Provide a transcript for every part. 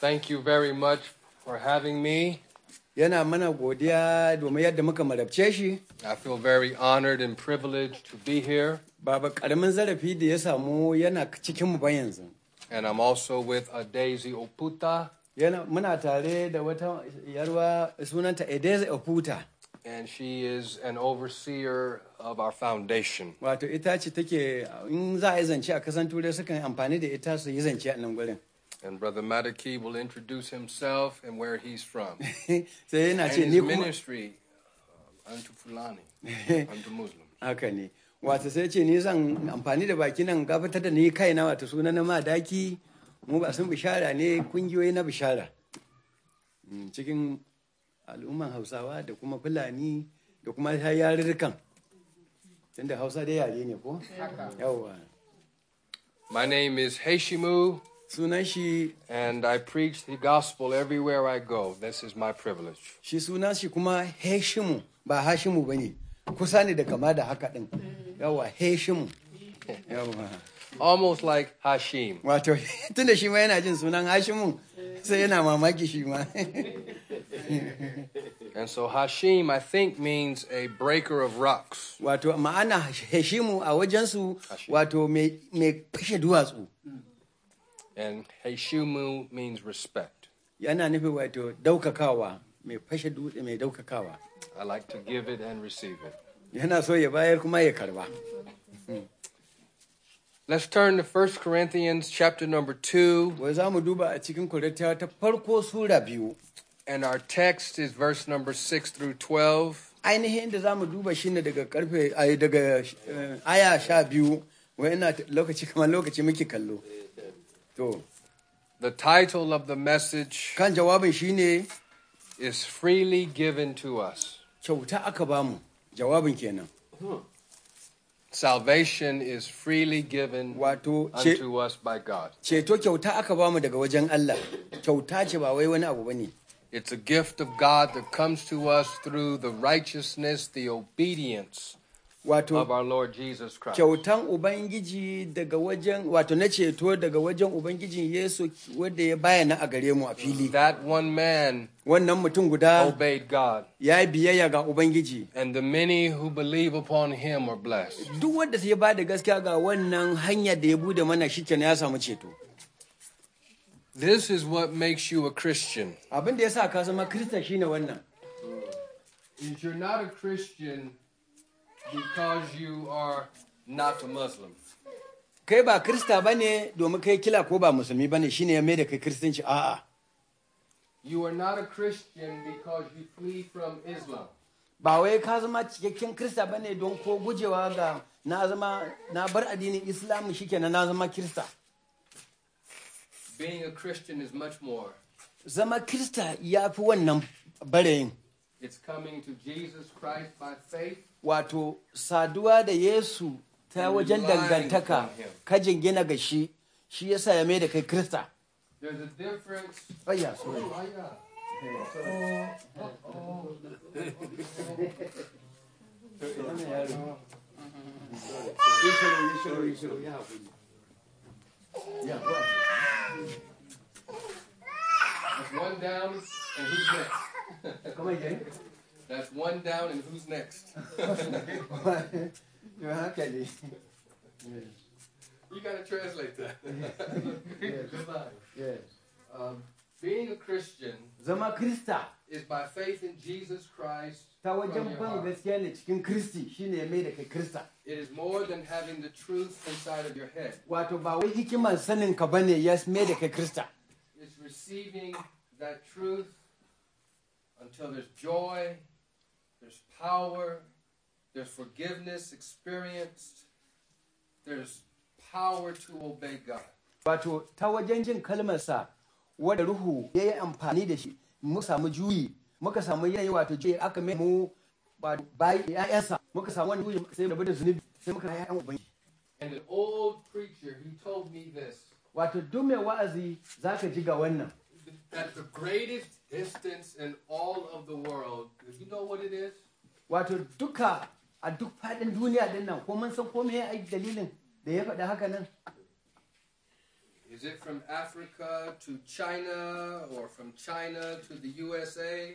Thank you very much for having me. yana mana godiya domin yadda muka marabce shi. I feel very honored and privileged to be here. Baba karamin zarafi da ya samu yana cikin mu ba yanzu. And I'm also with a Daisy Oputa. Yana muna tare da wata yarwa sunanta Edeze Oputa and she is an overseer of our foundation. Wato ita ce take uh, in za a zance a kasan turai sukan amfani da ita su yi zance a nan gurin. And Brother Madaki will introduce himself and where he's from. Sai yana ce ni kuma ministry uh, unto Fulani, unto Muslims. Haka ne. Wato sai ce ni zan amfani da baki nan gabatar da ni kaina wato suna na Madaki mu ba sun bishara ne kungiyoyi na bishara. Hmm, cikin al'umman hausawa da kuma fulani da kuma yarurrukan tunda hausa yare ne ko yawwa my name is Hashimu, Sunashi and I preach the gospel everywhere I go. This is my privilege. Shi sunashi kuma Heishimu ba Hashimu bane. Kusa ne da kama da haka din. Yawa Heishimu. Almost like Hashim. Wato tunda shi ma yana jin sunan Hashimu. And so Hashim, I think, means a breaker of rocks. ma'ana Hashimu And Hashimu means respect. Yana I like to give it and receive it. Yana so Let's turn to 1 Corinthians chapter number 2. And our text is verse number 6 through 12. duba eh, The title of the message is freely given to us. Salvation is freely given unto us by God. It's a gift of God that comes to us through the righteousness, the obedience wato kyautan ubangiji daga wajen wato na ceto daga wajen ubangijin yesu wanda ya bayana a gare mu a fili wannan mutum guda ya biyayya ga ubangiji duk wanda ya gaskiya ga wannan hanya da ya bude mana ya samu ceto This is what makes you a Christian. Abin da ya ka zama Kirista shine wannan. If you're not a Christian, because you are not a Muslim. Kai ba Krista ba ne domin kai kila ko ba musulmi ba ne shi ne ya mai da kai Kiristanci a'a. You are not a Christian because you flee from Islam. Ba wai ka zama cikakken Krista ba ne don ko gujewa ga na zama na bar addinin Islam shi shikenan na zama Krista. Being a Christian is much more. Zama Krista ya fi wannan barayin. It's coming to Jesus Christ by faith. Wato saduwa da Yesu ta wajen dangantaka ka jingina ga shi shi yasa ya mai da kai Krista. There's a difference. Oh, yeah, sorry. Oh, yeah. Oh, oh one down, and who's next? That's one down, and who's next? Kelly. you gotta translate that. yes. Goodbye. Yes. Um, being a Christian is by faith in Jesus Christ. Kristi Krista. It is more than having the truth inside of your head. Krista. It's receiving that truth until there's joy, there's power, there's forgiveness experienced, there's power to obey God. Wato, ta wajen jin kalmarsa wadda Ruhu ya yi amfani da shi, mu samu juyi, muka samu yanayi wato juyi aka mai mu bayi ‘ya'yansa, muka samu wani juyi sai rabu da zunubi sai muka ‘ya'yan ubangi. And an old preacher, he told me this. Wato, duk mai wa'azi za ka ji ga wannan. That the greatest Distance in all of the world. Do You know what it is? Wato duka a duk faɗin duniya din nan ko mun san ko meye ai dalilin da ya faɗi haka nan. Is it from Africa to China or from China to the USA?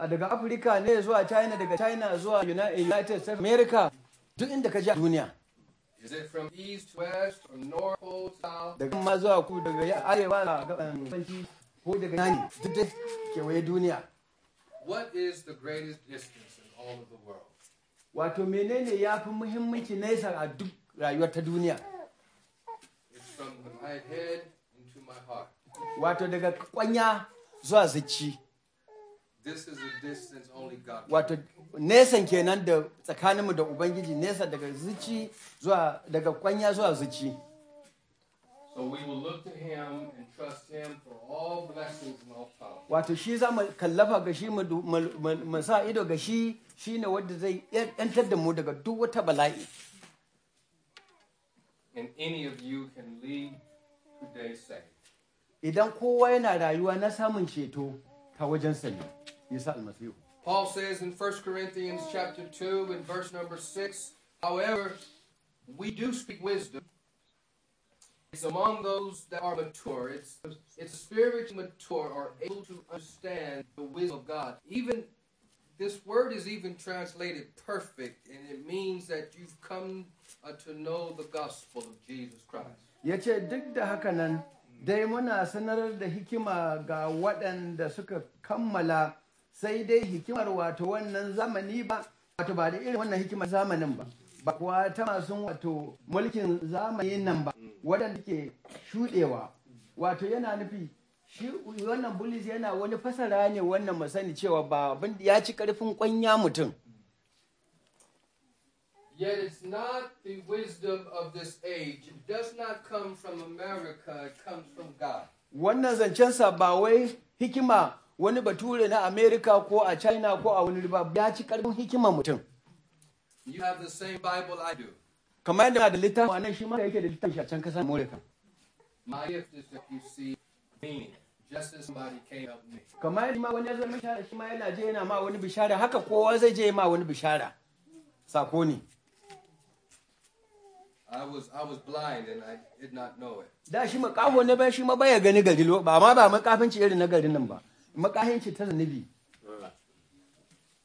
Daga Africa ne zuwa China daga China zuwa United States America duk inda ka ji duniya. Is it from east to west, or north to south? Daga ma zuwa ku daga arewa ga gabanci. ko daga nani duk da kewaye duniya what is the greatest distance in all of the world wato menene ya fi muhimmanci nesa a duk rayuwar ta duniya it's from my head into my heart wato daga kwanya zuwa zici. This is a distance only God. Wato nesan kenan da tsakaninmu da Ubangiji nesa daga zuci zuwa daga kwanya zuwa zuci. So we will look to him and trust him for all blessings and all power. Wato shi za mu kallafa ga shi mu sa ido ga shi shine wanda zai yantar da mu daga duk wata bala'i. And any of you can lead today saved. Idan kowa yana rayuwa na samun ceto ta wajen sani. Isa almasihu. Paul says in 1 Corinthians chapter 2 and verse number 6, however, we do speak wisdom it's among those that are mature. It's, it's spiritually mature or able to understand the wisdom of God. Even this word is even translated perfect, and it means that you've come uh, to know the gospel of Jesus Christ. Yace duk da haka nan dai muna sanar da hikima ga waɗanda suka kammala sai dai hikimar wato wannan zamani ba wato ba da irin wannan hikimar zamanin ba ba kuwa ta masu wato mulkin zamani nan ba waɗanda ke shuɗewa wato yana nufi shi wannan bulis yana wani fasara ne wannan masani cewa ba abin ya ci karfin kwanya mutum Yet it's not the wisdom of this age. It does not come from America, it comes from God. Wannan zancensa ba wai hikima wani bature na Amerika ko a China ko a wani riba ya ci karfin hikima mutum. You have the same Bible I do. kamar yadda da littafi wa nan shi ma yake da shi a can kasar Amurka. kamar yadda ma wani ya zama bishara shi ma yana je yana ma wani bishara haka kowa zai je ma wani bishara sako ne I was I was blind and I did not know it. Da shi makaho ne ba shi ma baya gani gari ba ma ba makafinci irin na garin nan ba. Makahinci ta zanibi.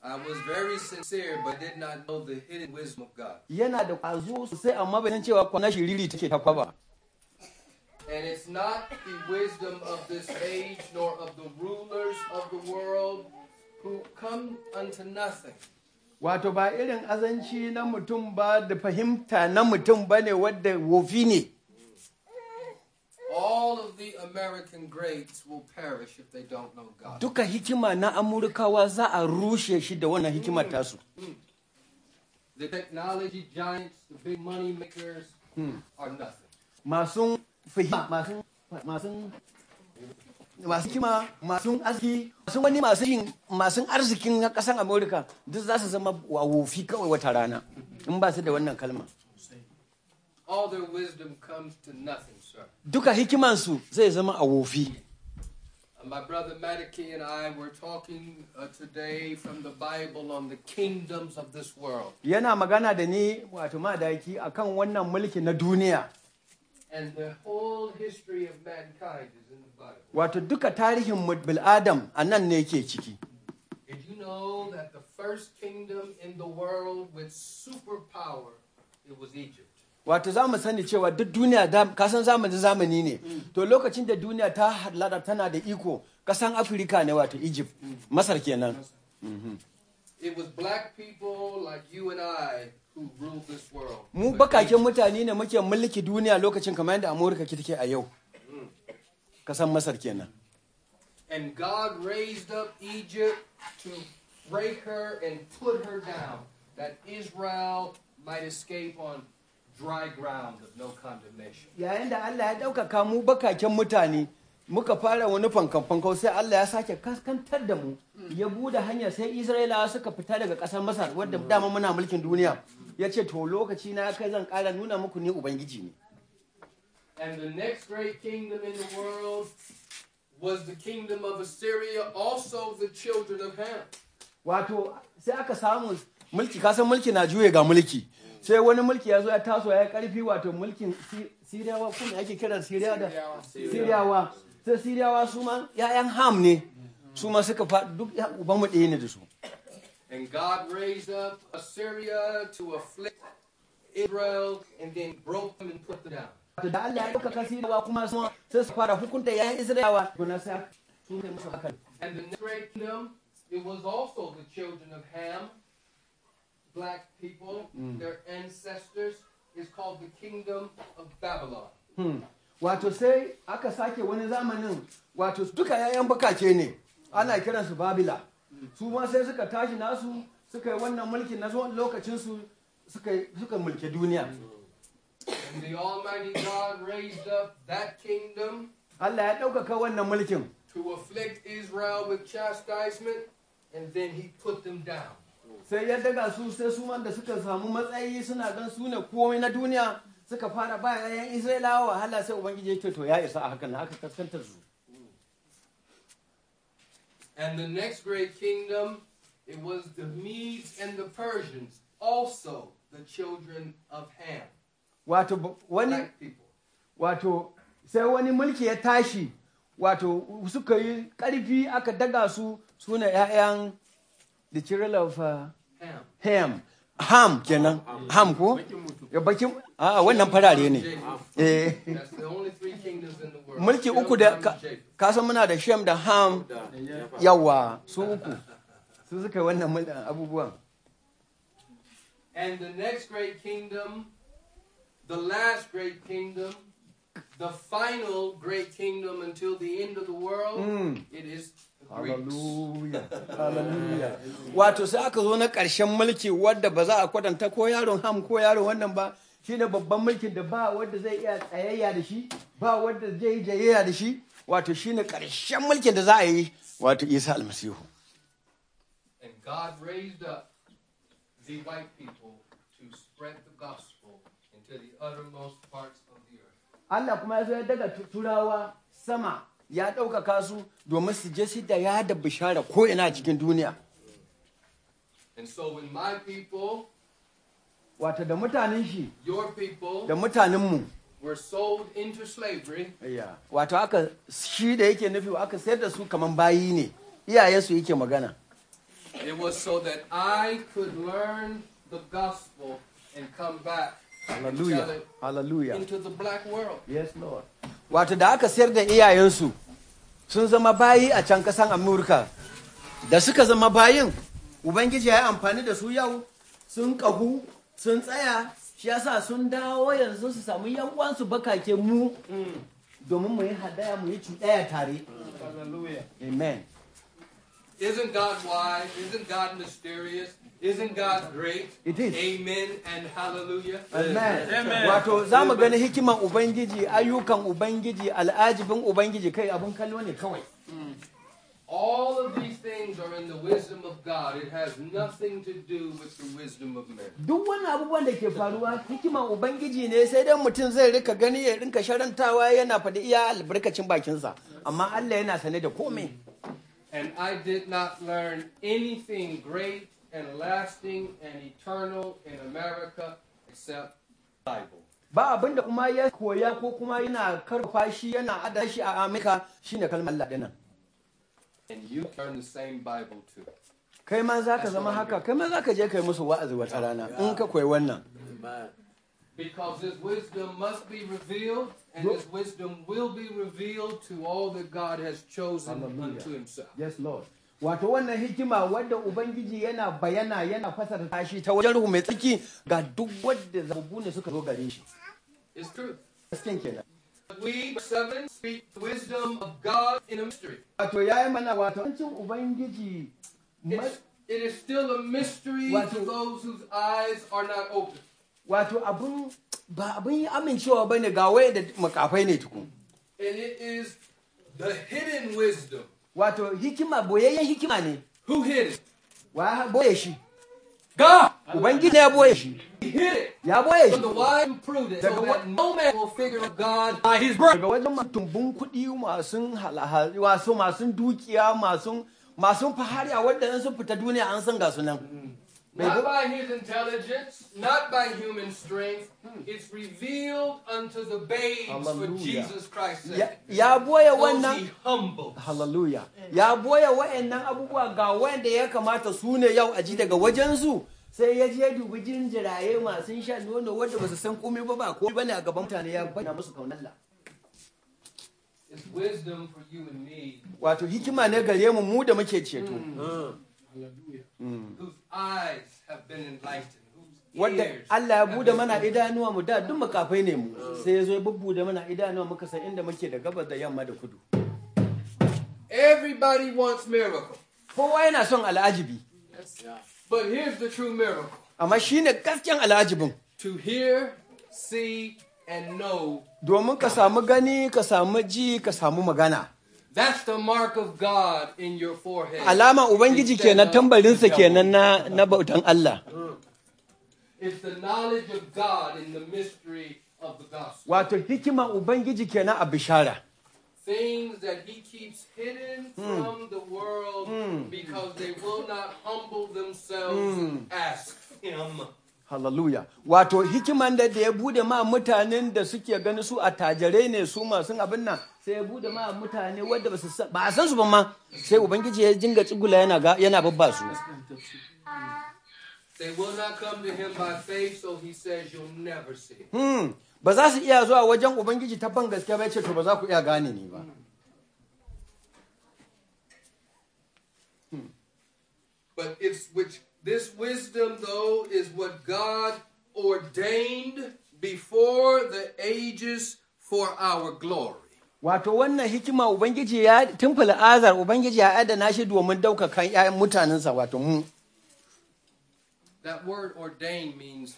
I was very sincere but did not know the hidden wisdom of God. And it's not the wisdom of this age nor of the rulers of the world who come unto nothing. Wato ba irin azanci na mutum ba da fahimta na mutum ba ne wadda wofi ne. all of the American greats will perish if they Duka hikima na Amurkawa za a rushe shi da wannan hikima mm. tasu. Mm. The technology giants, mm. Masu kima, masu arziki, masu wani masu yin masu arzikin na kasar Amurka duk za su zama wawofi kawai wata rana in ba su da wannan kalma. All wisdom comes to nothing. duka hikimansu zai zama a wofi My brother Madaki and I were talking uh, today from the Bible on the kingdoms of this world. Yana magana da ni wato madaki akan wannan mulki na duniya. And the whole history of mankind is in the Bible. Wato duka tarihin bil'adam a nan ne yake ciki. Did you know that the first kingdom in the world with superpower it was Egypt? wato za mu sani cewa duk duniya kasan zamani zamani ne mm. to lokacin da duniya ta halada tana da iko kasan afirka ne wato egypt mm. masar kenan mhm. it was black people like you and i mu bakaken mutane ne muke mulki duniya lokacin kamar yadda amurka take a yau kasan mm. masar kenan and god raised up egypt to break her and put her down that israel might escape on dry ground of no condemnation. Yayin da Allah ya ɗaukaka mu bakaken mutane muka fara wani fankan-fankan sai Allah ya sake kaskantar da mu ya bude hanyar sai Isra'ilawa suka fita daga ƙasar Masar wadda dama muna mulkin duniya ya ce to lokaci na kai zan ƙara nuna muku ni Ubangiji ne. And the next great kingdom in the world was the kingdom of Assyria, also the children of Ham. Wato sai aka samu mulki kasan mulki na juye ga mulki. sai wani mulki ya zo ya taso ya karfi wato mulkin siriyawa kuma ake kiran siriyawa siriyawa sai siriyawa su ma ya'yan ham ne su ma suka faɗi duk uban mu ɗaya ne da su And God raised up Assyria to afflict Israel and then broke them and put them down. To Da Allah ya ɗaukaka Siriyawa kuma sai su fara hukunta ‘ya'yan Isra'ilawa. And the next kingdom, it was also the children of Ham black people, mm. their ancestors, is called the kingdom of Babylon. Hmm. Wato sai aka sake wani What to duka yayan bakace ne ana kiransu Babila. Hmm. Su ma sai suka tashi nasu suka yi wannan mulkin na lokacin su suka mulki duniya. Hmm. And the Almighty God raised up that kingdom. Allah ya ɗaukaka wannan mulkin. To afflict Israel with chastisement and then he put them down sai ya daga su sai su da suka samu matsayi suna gan su ne komai na duniya suka fara ba yayan isra'ilawa wahala sai ubangiji ya to ya isa a hakan kaskantar su and the next great kingdom it was the medes and the persians also the children of ham wato wani wato sai wani mulki ya tashi wato suka yi karfi aka daga su suna 'ya'yan the children of uh, Ham. Ham kenan. Ham ko? Ya bakin a wannan farare ne. Eh. Mulki uku da ka san muna da Shem da Ham yawa su uku. Su suka wannan abubuwan. And the next great kingdom, the last great kingdom, the final great kingdom until the end of the world, mm. it is Hallelujah. Wato sai aka zo na ƙarshen mulki wadda ba za a kwatanta ko yaron ham ko yaron wannan ba shi ne babban mulkin da ba wadda zai iya tsayayya da shi ba wadda zai yi jayayya da shi wato shi ne ƙarshen mulkin da za a yi wato Isa almasihu. And God raised the white people to spread the gospel into the uttermost parts of the earth. Allah kuma ya zo ya daga turawa sama ya ɗaukaka su domin su je su da ya da bishara ko ina cikin duniya. And so when my people Wata da mutanen shi, your people, da mutanenmu, were sold into slavery, yeah. wato aka shi da yake nufi aka sayar da su kaman bayi ne, iyayen su yake magana. It was so that I could learn the gospel and come back Hallelujah. Hallelujah. into the black world. Yes, Lord. wato da aka sayar da iyayensu sun zama bayi a can kasan amurka da suka zama bayin ubangiji ya yi amfani da su yau sun kagu sun tsaya shi yasa sun dawo yanzu su samu yan'uwansu bakake mu domin mu yi hadaya mu yi cuɗaya tare amen isn't god wise isn't god mysterious Isn't God great? It is. Amen and hallelujah. Amen. Wato za mu gani hikimar Ubangiji, ayyukan Ubangiji, al'ajibin Ubangiji kai abin kallo ne kawai. Hmm. All of these things are in the wisdom of God. It has nothing to do with the wisdom of men. Duk wani abubuwan da ke faruwa hikimar Ubangiji ne sai dai mutum zai rika gani ya rinka sharantawa yana faɗi iya albarkacin bakinsa. Amma Allah yana sane da komai. Hmm. And I did not learn anything great and lasting and eternal in America except Bible. ba abin da kuma ya koya ko kuma yana karfafa shi yana ada shi a Amerika shine kalmar Allah dinan and you turn the same bible too kai ma zaka zama haka kai ma zaka je kai musu wa'azi wata rana in ka koyi wannan Because his wisdom must be revealed, and his wisdom will be revealed to all that God has chosen unto himself. Yes, Lord. wato wannan hikima wadda ubangiji yana bayana yana fasarta shi ta wajen ruhu mai tsaki ga duk wadda zabubu ne suka zo gare shi gasken kenan We seven speak wisdom of God in a mystery. Wato yayi mana wato cin ubangiji It is still a mystery to those whose eyes are not open. Wato abun ba abun yi amincewa bane ga wayanda makafai ne tukun. And it is the hidden wisdom wato hikima boyayyen hikima ne who hid it wa boye shi God ubangiji ya boye shi ya boye shi daga wajen matumbin kuɗi masu halahari wasu masu dukiya masu masu fahari a wadda sun fita duniya an san ga sunan mm. Not by his intelligence, not by human strength. Hmm. It's revealed unto the babes for Jesus Christ's sake. Ya boya wannan Hallelujah. Eh. Ya boya wa'annan abubuwa ga wanda ya kamata su ne yau a ji daga wajensu. sai ya je dubi jinjiraye masu shan nono wanda ba su san komai ba ba ko bane a gaban mutane ya bayyana musu kaunar Allah. Wato hikima ne gare mu mu da muke ceto. Hallelujah. Hmm. Hmm. wanda Allah ya bude mana idanuwa mu da duk makafai ne mu sai ya zo ya bubbude mana idanuwa muka san inda muke da gabas da yamma da kudu everybody wants miracle kowa yana son al'ajibi but here's the true miracle amma shine gaskiyan al'ajibin to hear see and know domin ka samu gani ka samu ji ka samu magana Alama Ubangiji kenan tambarinsa kenan na, na bautan Allah. Mm. Wato hikima Ubangiji kenan a bishara. things that he keeps hidden mm. from the world mm. because they will not humble themselves mm. ask him Hallelujah. Wato hikiman da ya bude ma mutanen da suke gani su a tajirai ne su masu abin nan sai bude ma mutane wadda ba su san ba san su ba ma sai ubangiji ya jinga tsugula yana ga yana babba su ba za su iya zuwa wajen ubangiji ta ban gaskiya ba ya ce to ba za ku iya gane ni ba But it's which this wisdom though is what God ordained before the ages for our glory wato wannan hikima ubangiji ya azar ubangiji ya adana shi domin mutanensa wato mu that word ordained means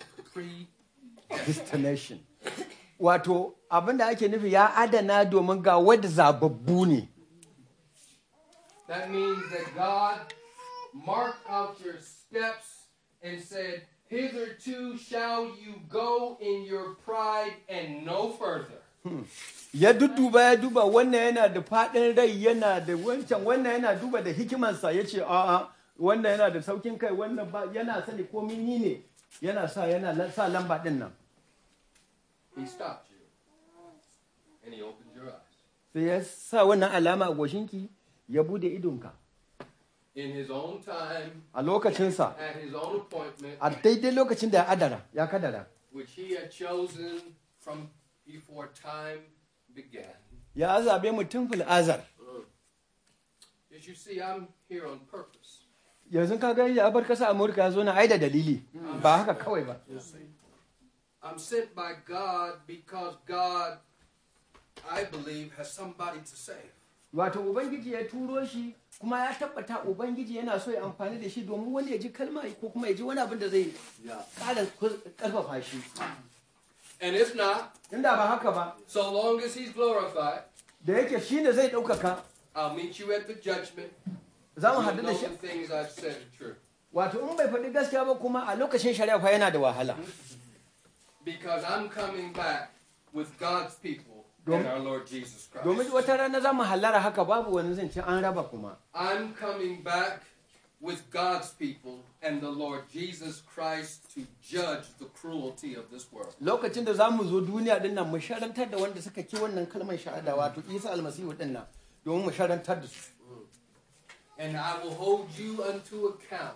predestination wato abinda ake nufi ya adana domin ga wadda zababbu ne that means that god marked out your steps and said hitherto shall you go in your pride and no further ya duduba ya duba wannan yana da faɗin rai yana da wancan wannan yana duba da hikimarsa ya ce a'a wannan yana da saukin kai wannan ba yana sani ko mini ne yana sa yana sa lamba din nan sai ya sa wannan alama a goshinki ya bude idonka a lokacinsa a daidai lokacin da ya adara ya kadara which he had chosen from before time began. Ya zabe mu tun fil azar. Mm. As you see, I'm here on purpose. Yanzu ka ga ya bar kasa Amurka ya zo na aida dalili mm. ba haka kawai ba. I'm sent by God because God I believe has somebody to save. Wato Ubangiji ya turo shi kuma ya tabbata Ubangiji yana so ya amfani da shi domin wani ya ji kalma ko kuma ya ji wani abin da zai ƙara ƙarfafa shi. And if not, so long as he's glorified, I'll meet you at the judgment. Za things I've said are true. Wato in bai faɗi gaskiya ba kuma a lokacin shari'a fa yana da wahala. Because I'm coming back with God's people and our Lord Jesus Christ. Domin wata rana za mu hallara haka babu wani zance an raba kuma. I'm coming back with God's people and the Lord Jesus Christ to judge the cruelty of this world. Lokacin da zamu zo duniya din nan mu sharantar da wanda suka wannan kalmar shahada wato Isa almasihu din nan domin mu sharantar da su. And I will hold you unto account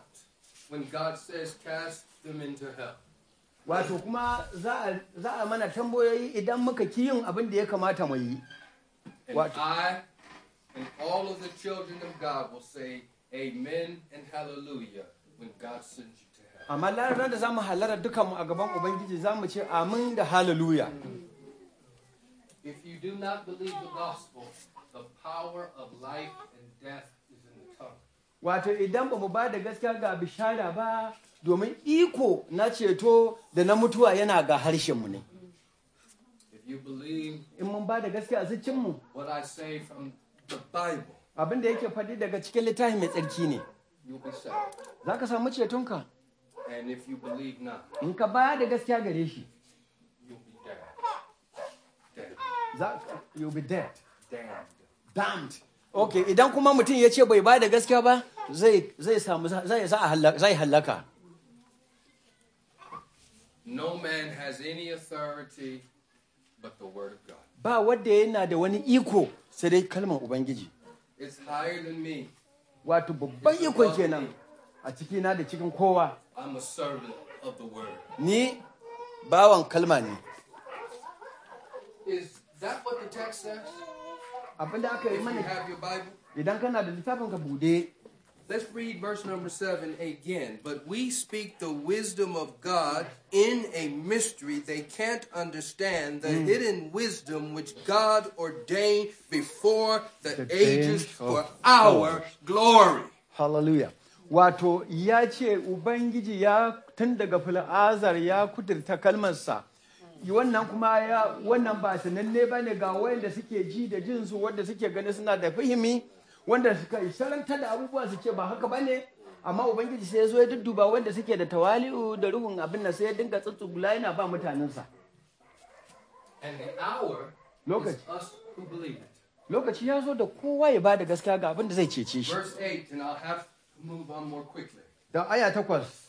when God says cast them into hell. Wato kuma za a mana tambayoyi idan muka ki yin abin da ya kamata mu yi. Wato I and all of the children of God will say Amen and hallelujah when God sends you to heaven. Amma ranar da za mu halara dukanmu a gaban Ubangiji za mu ce amin da hallelujah. If you do not believe the gospel, the power of life and death is in the tongue. Wato idan ba mu ba da gaskiya ga bishara ba domin iko na ceto da na mutuwa yana ga harshenmu ne. In mun ba da gaskiya a mu. What I say from the Bible. abin da yake faɗi daga cikin littafi mai tsarki ne za ka samu cetonka in ka baya da gaskiya gare shi you'll be dead damned ok idan kuma mutum ya ce bai baya da gaskiya ba zai samu zai hallaka No man has any authority but the word of God. Ba wadda yana da wani iko sai dai kalmar Ubangiji. Wato babban ikon kenan a ciki na da cikin kowa. Ni bawan kalma ne. Abin da aka yi mana idan kana da littafin ka bude. Let's read verse number seven again. But we speak the wisdom of God in a mystery they can't understand, the mm. hidden wisdom which God ordained before the, the ages for our glory. Hallelujah. Wato ya ce Ubangiji ya tun daga azar ya kudurta kalmarsa, wannan kuma ya wannan ba sananne ba ne ga wayanda suke ji da jinsu wadda suke gani suna da fahimi. wanda suka yi salanta da abubuwa su ce ba haka ba ne amma ubangiji sai ya zo ya dudduba wanda suke da tawali'u da ruhun abin nan sai ya dinga gula yana ba mutanensa lokaci ya zo da kowa ya ba da gaskiya ga abin da zai cece shi don aya takwas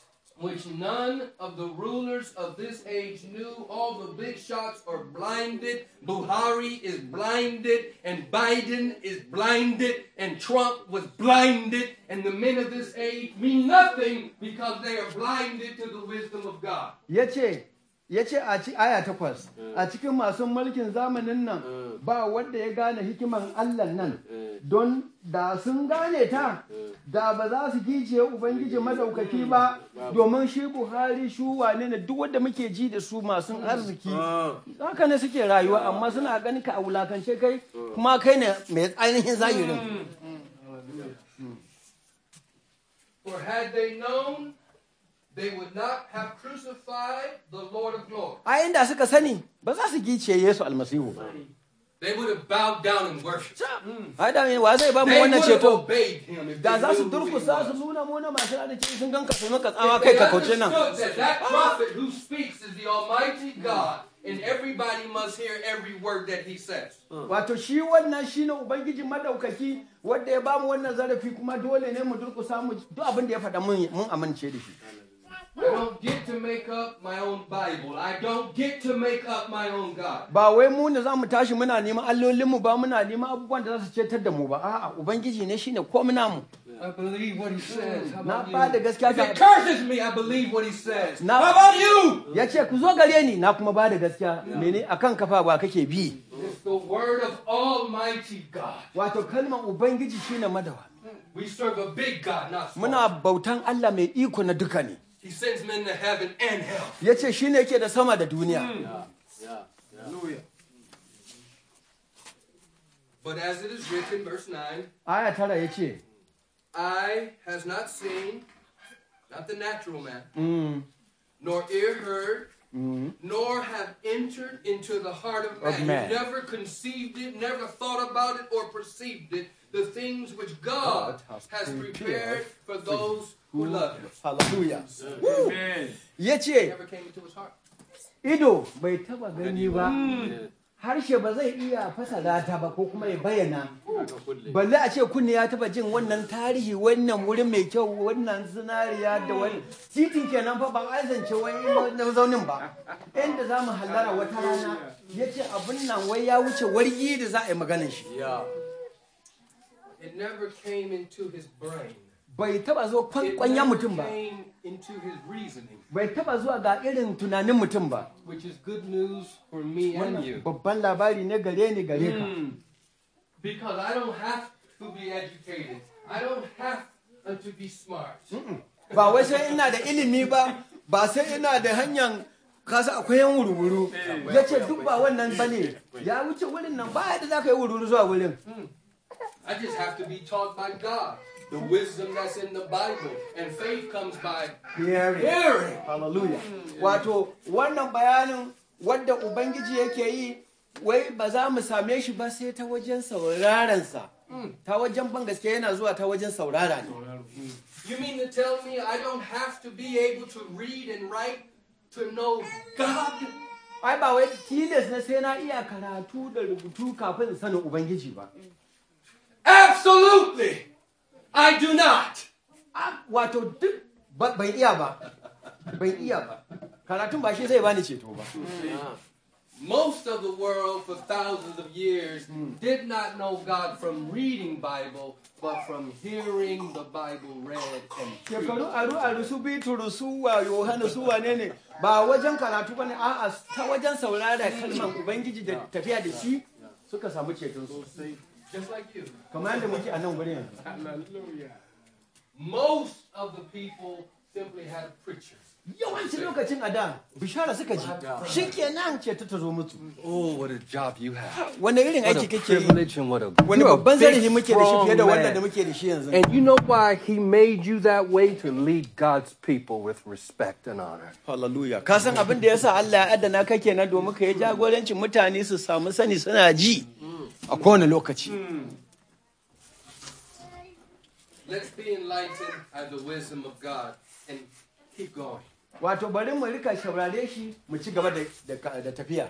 which none of the rulers of this age knew. All the big shots are blinded. Buhari is blinded, and Biden is blinded, and Trump was blinded, and the men of this age mean nothing because they are blinded to the wisdom of God. Yet, ya ce a ci aya takwas a cikin masu mulkin zamanin nan ba wanda ya gane hikiman Allah nan don da sun gane ta da ba za su gije ubangiji madaukaki ba domin shi buhari shi wane ne duk wadda muke ji da su masu arziki haka ne suke rayuwa amma suna gani ka a wulakance kai kuma kai ne mai ainihin zahirin they would not have crucified the Lord of glory. A inda suka sani ba za su Yesu almasihu They would have bowed down and worshiped. They would wa zai ba mu wannan ceto? Da za su durkusa su na masu rada ce sun ganka su maka tsawa kai ka That prophet who speaks is the almighty God. And everybody must hear every word that he says. Mm. Wato shi wannan shi ne Ubangiji madaukaki wadda ya ba mu wannan zarafi kuma dole ne mu durkusa mu duk abin da ya faɗa mun amince da shi. Ba wai mu ne za mu tashi muna neman allolinmu ba muna neman abubuwan da za su cetar da mu ba. A'a Ubangiji ne shine ko muna mu. Na ba da gaskiya ga. He curses me, I believe what he says. Na, How about you? Ya ce ku zo gare ni na kuma ba da gaskiya. Mene akan kafa ba kake bi? The word of Almighty God. Wato kalmar Ubangiji shine madawa. We serve a big God, not small. Muna bautan Allah mai iko na duka ne. He sends men to heaven and hell. Ya shi ne ke da sama da duniya. Hmm. Hallelujah. But as it is written, verse 9, Aya tara ya ce, has not seen, not the natural man, mm. nor ear heard, mm. nor have entered into the heart of man. of man. Never conceived it, never thought about it, or perceived it, the things which God, God has prepared for those who him. Hallelujah. Ya ce, ido bai taba gani ba, harshe ba zai iya fasa ta ba ko kuma ya bayyana. Balle a ce kunni ya taba jin wannan tarihi wannan wurin mai kyau wannan zinariya da wani titin kenan fa ban aizance wani zaunin ba. Inda za mu hallara wata rana ya ce abin nan wai ya wuce wargi da za a yi maganin shi. It never came into his brain. bai taba zuwa kwankwanyen mutum ba bai taba zuwa ga irin tunanin mutum ba babban labari ne gare ni gare ka hmm. because I don't have to be educated I don't have to be smart ba wai sai ina da ilimi ba ba sai ina da hanyar kasa akwai yan wuru-wuru ya ce duk ba wannan ba ne ya wuce wurin nan ba da za ka yi wuru zuwa wurin hmm. I just have to be taught by God. the wisdom that's in the Bible. And faith comes by hearing. hearing. Hallelujah. Wato, wannan bayanin wadda Ubangiji yake yi, wai ba za mu same shi ba sai ta wajen saurarensa. Hmm. Ta wajen ban gaske yana zuwa ta wajen saurara ne. You mean to tell me I don't have to be able to read and write to know God? Ai ba wai tilas na sai na iya karatu da rubutu kafin sanin Ubangiji ba. Absolutely. I do not. Ah, wato duk bai iya ba, bai iya ba, karatun ba shi zai bani Most of the world for thousands of years hmm. did not know God from reading Bible, but from hearing the Bible read and Shekaru aru aru su Bitrus su Yohana su wane ne ba wajen karatu bane a'a ta wajen saurara kalmar Ubangiji da tafiya da shi suka samu ceton su. Just like you. Commander wiki anongolea. Ah, Hallelujah. Most of the people simply had preachers. Yawancin lokacin a da bishara suka ji shi kenan ceto ta zo mutu. Oh what a job you have. Wanne irin aiki kake yi? Wani babban zarihi muke da shi fiye da wannan da muke da shi yanzu. And you know why he made you that way to lead God's people with respect and honor. Hallelujah. Ka san abin da yasa Allah ya addana ka kenan domin ka yi jagorancin mutane su samu sani suna ji. Mm. Hmm. Let's lokaci wato bari mu rika shaurare shi mu ci gaba da tafiya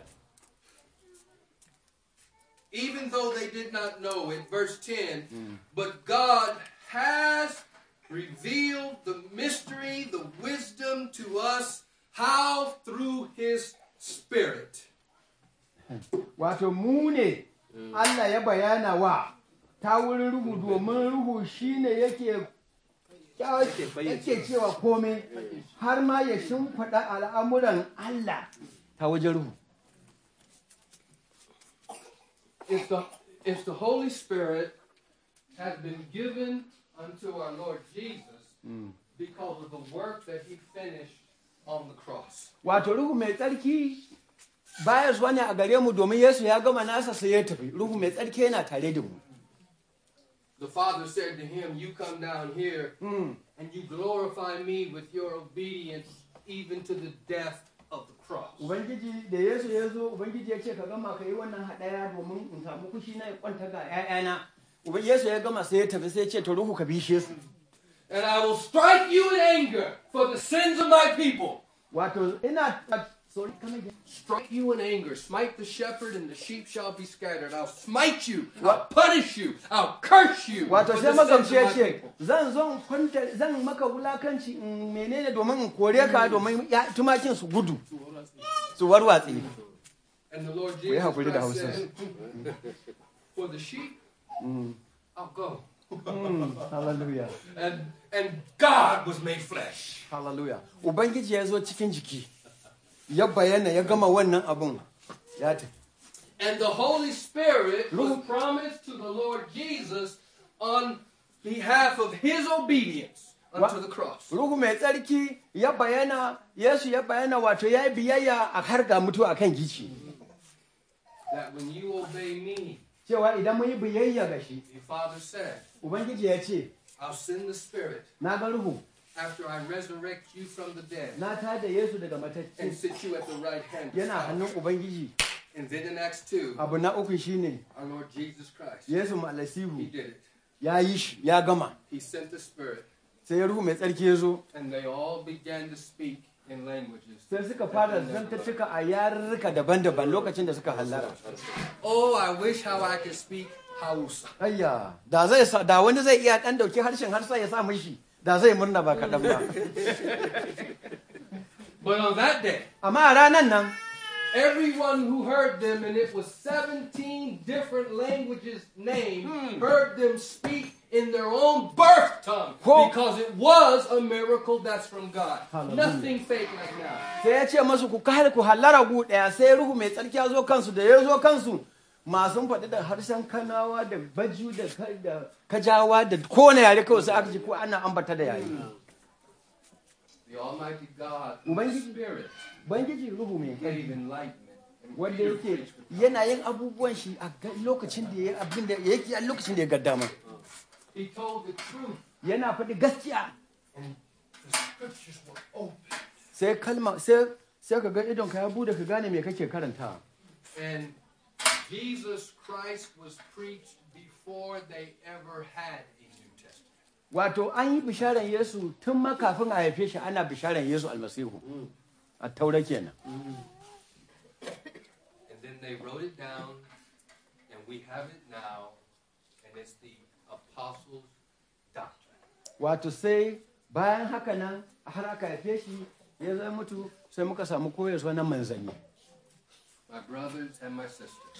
Even though they did not know it, verse 10, mm. but God has revealed the mystery, the wisdom to us, how through His Spirit. Hmm. Allah ya bayana wa ta wurin ruhu domin ruhu shine yake yake cewa komai har ma ya shimfiɗa al'amuran Allah ta wajen ruhu. If the, if the Holy Spirit has been given unto our Lord Jesus mm. because of the work that he finished on the cross zuwa ne a gare mu domin Yesu ya gama nasa sai ya tafi ruhu mai tsarki yana tare da mu The father said to him, You come down here mm. and you glorify me with your obedience even to the death of the cross. Ubangiji da Yesu ya zo, Ubangiji ya ce ka gama ka yi wannan haɗaya domin in samu kushi na ya kwanta ga ‘ya'yana. Ubangiji Yesu ya gama sai ya tafi sai ya ce to ruhu ka bishe su. And I will strike you in anger for the sins of my people. Wato ina Strike you in anger. Smite the shepherd, and the sheep shall be scattered. I'll smite you. I'll punish you. I'll curse you. What does that mean? ce, zan zo kwanta zan maka wulakanci in menene domin in kore ya domin tumakin su gudu. was it? Ku yi hakuri da Hausa. For the sheep, mm. I'll go. Mm, hallelujah. And, and God was made flesh. Hallelujah. Ubangiji Jesus zo ya bayyana ya gama wannan abin ya And the Holy Spirit was promised to the Lord Jesus on behalf of his obedience unto the cross. Ruhu mai tsarki ya bayana, Yesu ya wato biyayya a akan gici. That when you obey me, cewa idan mun yi biyayya ga shi, Ubangiji ya ce, I'll send the Spirit. Na ga Ruhu. after I resurrect you from the dead na Yesu daga and sit you at the right hand yana hannun ubangiji and then in Acts 2 abu na uku shine our Lord Jesus Christ he did it ya gama he sent the spirit sai ya mai tsarki ya zo and they all began to speak in languages sai suka fara zantattuka a yarurruka daban-daban lokacin da suka hallara oh i wish how i could speak hausa ayya da zai da wani zai iya dan dauki harshen harsa ya sa mishi da zai murna ba kaɗan ba but on that day amma a ranan nan Everyone who heard them, and it was 17 different languages named, hmm. heard them speak in their own birth tongue because it was a miracle that's from God. Hallelujah. Nothing fake like now. masu faɗi da harshen kanawa da baju da kajawa da kowane yare kawai sai aka ji ko ana ambata da yare ubangiji ruhu mai kai wanda yake yana yin abubuwan shi a lokacin da ya abin da yake a lokacin da ya ma. yana faɗi gaskiya sai kalma sai ka ga idon ka ya bude ka gane me kake karanta. Jesus Christ was preached before they ever had a New Testament. Wato an yi bisharan Yesu tun ma kafin a haife shi ana bisharan Yesu almasihu. Mm. A taura kenan. Mm. And then they wrote it down and we have it now and it's the apostles' doctrine. Wato sai bayan haka nan har aka haife shi ya zama mutu sai muka samu koyarwa na manzanni my brothers and my sisters.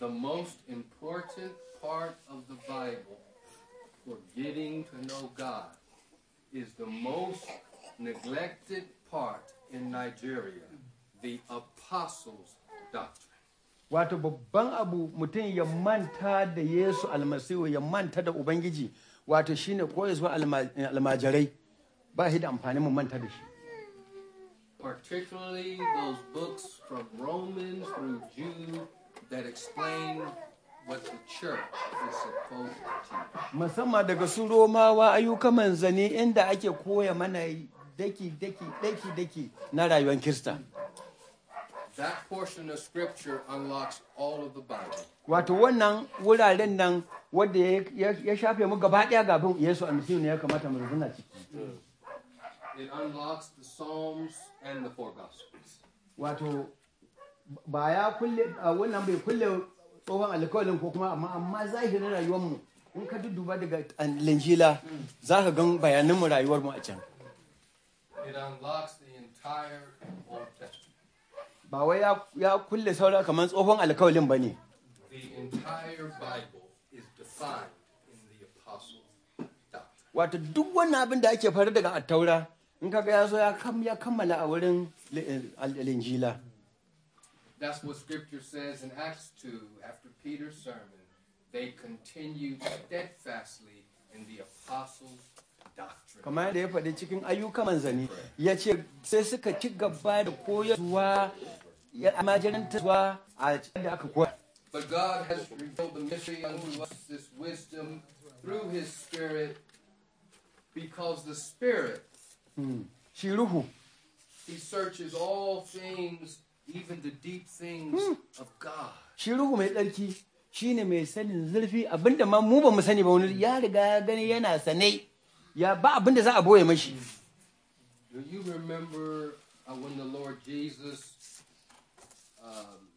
The most important part of the Bible for getting to know God is the most neglected part in Nigeria, the apostles' doctrine. Wato babban abu mutum ya manta da Yesu almasihu ya manta da Ubangiji wato shine koyaswa almajirai ba shi da amfani mu manta da shi particularly those books from Romans through Jude that explain what the church is supposed to teach. Musamman daga su Romawa manzanni inda ake koya mana daki daki daki daki na rayuwar Kirista. That portion of scripture unlocks all of the Bible. Wato wannan wuraren nan wanda ya shafe mu gaba ɗaya gabin Yesu almasihu ne ya kamata mu rubuna ciki. Hmm. It unlocks the Psalms and the four Gospels. Wato ba ya kulle wannan bai kulle tsohon alkawalin ko kuma amma amma zahirin mu in ka duba daga linjila za ka gan bayaninmu rayuwarmu a can. It unlocks the entire Old Testament. ba wai ya kulle saura kamar tsohon alkawalin ba ne. Wato duk wani abin da ake faru daga attaura in ka ga ya zo ya kammala a wurin eh, linjila That's what scripture says in Acts 2 after Peter's sermon. They continued steadfastly in the apostles' doctrine. Kamar da ya faɗi cikin ayyukan manzanni ya ce sai suka ci gaba da koyarwa ya amajarantarwa a cikin da aka koya. But God has revealed the mystery unto us, this wisdom, through His Spirit, because the Spirit Mm. He searches all things, even the deep things mm. of God. Shiruhu mai tsarki shine mai sanin zurfi abinda ma mu ba mu sani ba wani ya riga ya gani yana sane ya ba abinda za a boye mashi. Do you remember uh, when the Lord Jesus um,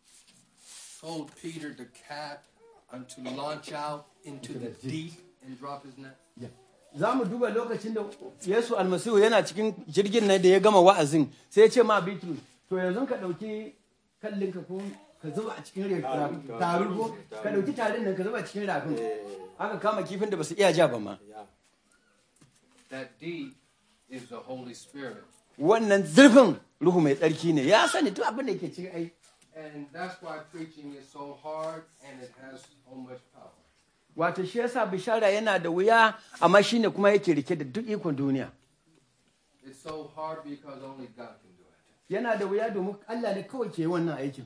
told Peter to cat and uh, to launch out into the deep and drop his net? Yeah. za mu duba lokacin da Yesu almasihu yana cikin jirgin nan da ya gama wa'azin sai ya ce ma Bitrus to yanzu ka ɗauki kallin ka ko ka zuba a cikin tarin ko ka ɗauki tarin nan ka zuba a cikin rafin eh. aka kama kifin da ba su iya ja ba ma wannan zurfin ruhu mai tsarki ne ya sani duk abin da ke cikin ai And so hard and wato shi yasa bishara yana da wuya amma shine kuma yake rike da duk ikon duniya yana da wuya domin Allah ne kawai ke wannan aikin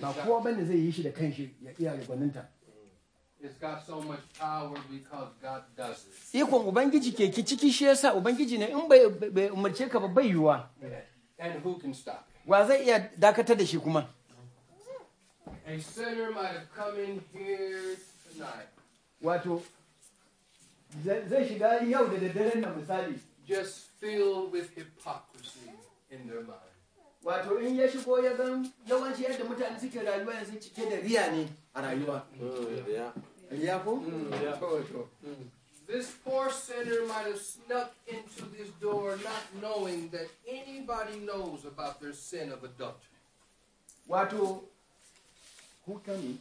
ba kowa bane zai yi shi da kanshi ya iya gwaninta mm. ikon ubangiji ke ki ciki shi yasa ubangiji ne in bai umarce ka ba bai yiwuwa wa zai iya dakatar da shi kuma a sinner might have come in here tonight. Wato, zai shiga yau da daddaren nan misali. Just filled with hypocrisy in their mind. Wato in yeshu ko ya gan yawanci yadda mutane suke rayuwa yanzu cike da riya ne a rayuwa. Mm, riya ko? Mm, to, mm. This poor sinner might have snuck into this door not knowing that anybody knows about their sin of adultery. Watu, who Hukami.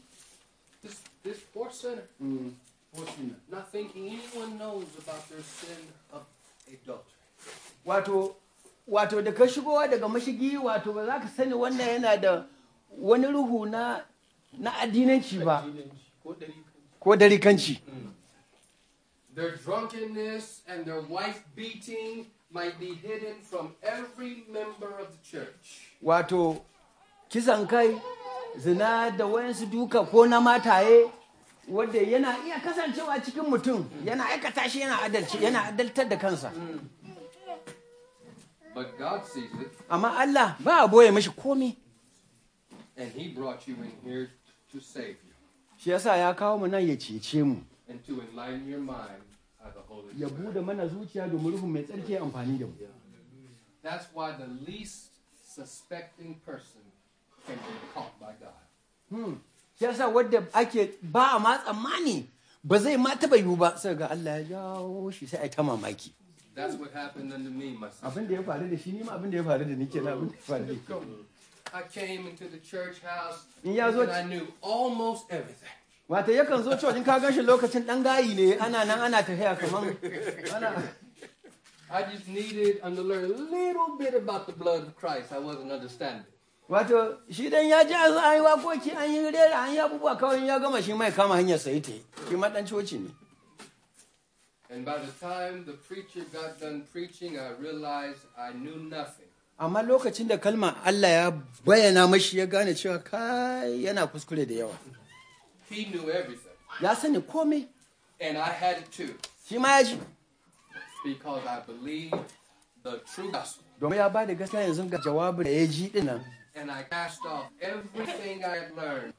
This this poor sinner, mm. poor sinner, not thinking anyone knows about their sin of adultery. Wato wato da ka shigowa daga mashigi wato ba za ka sani wannan yana da wani ruhu na na addinanci ba ko darikanci. Mm. Their drunkenness and their wife beating might be hidden from every member of the church. Wato kisan kai zina da wayansu duka ko na mataye wadda yana iya kasancewa cikin mutum yana aikata shi yana adalci yana adaltar da kansa amma Allah ba a boye mashi komi shi yasa ya kawo mu nan ya cece mu ya bude mana zuciya domin rufin mai tsarki amfani da mu That's the least suspecting person Hmm. wadda ake ba ba zai ma yiwu ba sai ga Allah ya jawo shi sai ai ta mamaki. That's what happened unto me, my Abin da ya faru da shi ni ma abin da ya faru da ni kenan abin da ya faru I came into the church house and I knew almost everything. Wata yakan zo cewa in ka gan shi lokacin dan gayi ne ana nan ana tafiya ana I just needed and to learn a little bit about the blood of Christ. I wasn't understanding. wato shi dan ya ji an yi wakoki an yi rera an yi abubuwa kawai ya gama shi mai kama hanyar sai ta shi ma dan coci ne and by the time the preacher got done preaching i realized i knew nothing amma lokacin da kalma Allah ya bayyana mashi ya gane cewa kai yana kuskure da yawa he knew everything ya sani komai and i had it too shi ma ya ji because i believe the true gospel domin ya ba da gaskiya yanzu ga jawabin da ya ji dinnan and I cast off everything I had learned.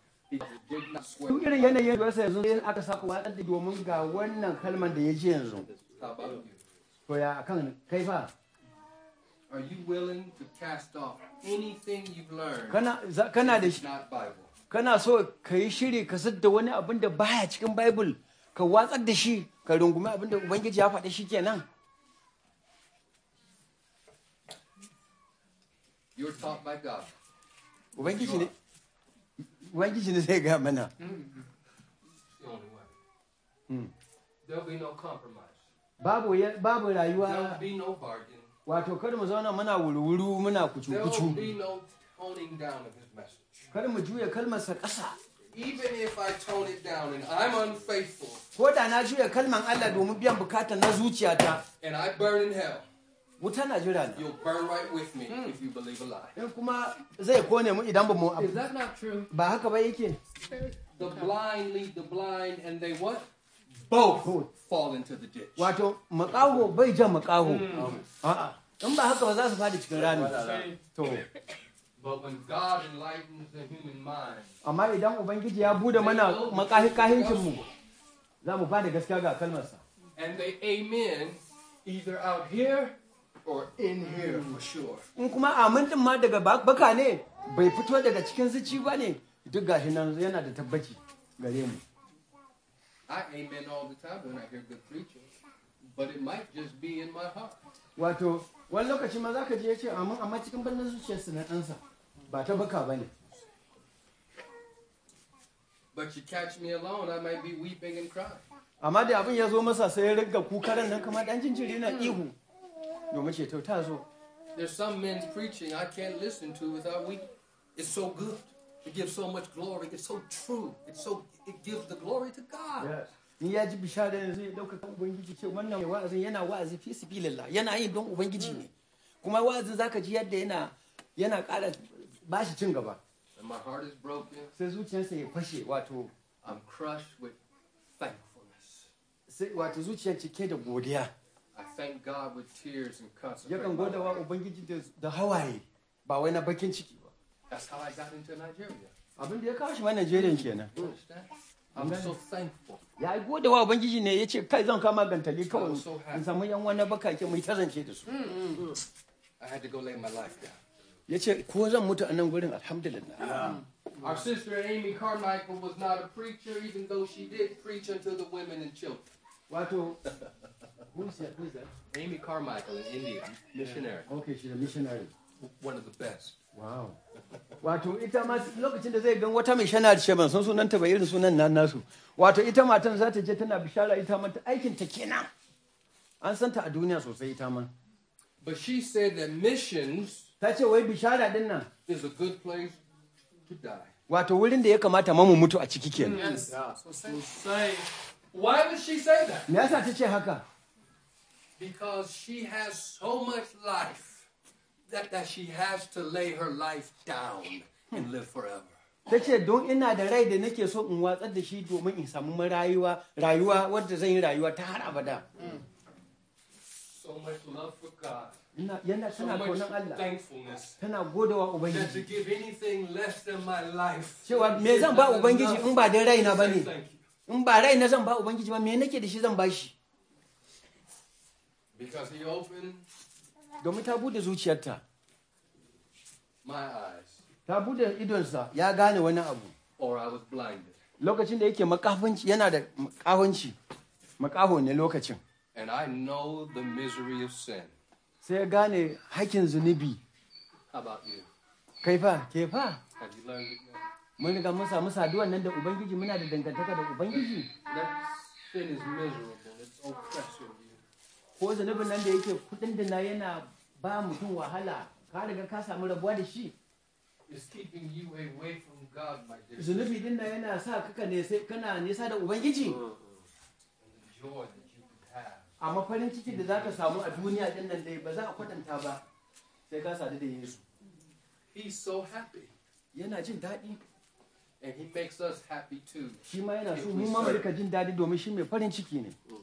Duk irin yanayin da yanzu sai aka saka watsar da domin ga wannan kalmar da ya ji yanzu. To ya kan kai fa? Are you willing to cast off anything you've learned? Kana kana so ka yi shiri ka sadda wani abin da baya cikin Bible ka watsar da shi ka rungumi abin da Ubangiji ya faɗi shi kenan. You're taught by God. ubangiji ne ubangiji ne zai ga mana mm. mm. babu babu rayuwa wato kar mu zauna muna wuri-wuri muna kucu-kucu kar mu juya kalmarsa ƙasa even if I tone it down and I'm unfaithful. Ko da na juya kalman Allah domin biyan bukatar na zuciyata. And I burn in hell. you'll burn right with me mm. if you believe a lie eh, is that not true the blind lead the blind and they what both fall into the ditch wato makaho bai hmm. to But when God enlightens the human mind, amma idan ubangiji ya bude mana and they amen either out here or in here hmm. for sure. In kuma amin din ma daga baka ne bai fito daga cikin zuci ba ne duk gashi nan yana da tabbaci gare mu. I amen all the time when I hear good preaching, but it might just be in my heart. Wato, wani lokaci ma za ka je ya ce amin amma cikin bannin zuciyarsa na ɗansa ba ta baka ba ne. But you catch me alone, I might be weeping and crying. Amma da abin ya zo masa sai ya riga kukaran nan kamar ɗan jinjiri na ihu. There's some men's preaching I can't listen to without we. It's so good. It gives so much glory. It's so true. It's so it gives the glory to God. Yes. In ya ji bishara yanzu ya dauka kan Ubangiji ce wannan wa'azin yana wa'azi fi sabilillah yana yin don Ubangiji ne. Kuma wa'azin zaka ji yadda yana yana ƙara bashi cin gaba. my heart is broken. Sai zuciyarsa ya fashe wato I'm crushed with thankfulness. Sai wato zuciyar cike da godiya. I thank God with tears and cuts. Yakan goda wa Ubangiji da hawaye ba wai na bakin ciki ba. That's how I got into Nigeria. Abin da ya kawo shi ma Nigeria kenan. I'm so thankful. Ya gode wa Ubangiji ne ya ce kai zan kama gantali kawai in samu yan wani bakake mai ta zance da su. I had to go lay my life down. Ya ce ko zan mutu a nan gurin alhamdulillah. Our sister Amy Carmichael was not a preacher even though she did preach unto the women and children. Watu who's that? Who's that? Amy Carmichael, an Indian missionary. Okay, she's a missionary. One of the best. Wow. Wato ita ma lokacin da zai gan wata mai shana ce ban san sunanta ba irin sunan nan nasu. Wato ita matan za ta je tana bishara ita ma aikin ta kenan. An san ta a duniya sosai ita ma. But she said that missions ta ce wai bishara din nan is a good place to die. Wato wurin da ya kamata ma mu mutu a ciki kenan. Sosai. Why would she say that? Because she has so much life that, that she has to lay her life down and hmm. live forever. ta ce don ina da rai da nake so in watsar da shi domin in samu rayuwa rayuwa wadda zan yi rayuwa ta har abada hmm. yana tana Allah tana ubangiji cewa me zan ba ubangiji in ba da in ba rai na zan ba ubangiji ba me nake da shi zan ba shi domin ta bude zuciyarta ta bude idonsa ya gane wani abu lokacin da yake makafanci yana da makafanci makaho ne lokacin and I know the misery of sin. Sai gane hakin zunubi. How about you? Kaifa, kaifa. fa? Have you learned mun riga mun samu saduwan nan da ubangiji muna da dangantaka da ubangiji ko zanubin nan da yake kudin da na yana ba mutum wahala ka riga ka samu rabuwa da shi zunubi din nan yana sa kaka kana nesa da ubangiji mm-hmm. amma farin ciki da za ka samu a duniya din nan dai ba za a kwatanta ba sai ka sadu da yesu yana jin daɗi And he makes us happy too. Shi ma yana so mu ma mu jin dadi domin shi mai farin ciki ne. Mm.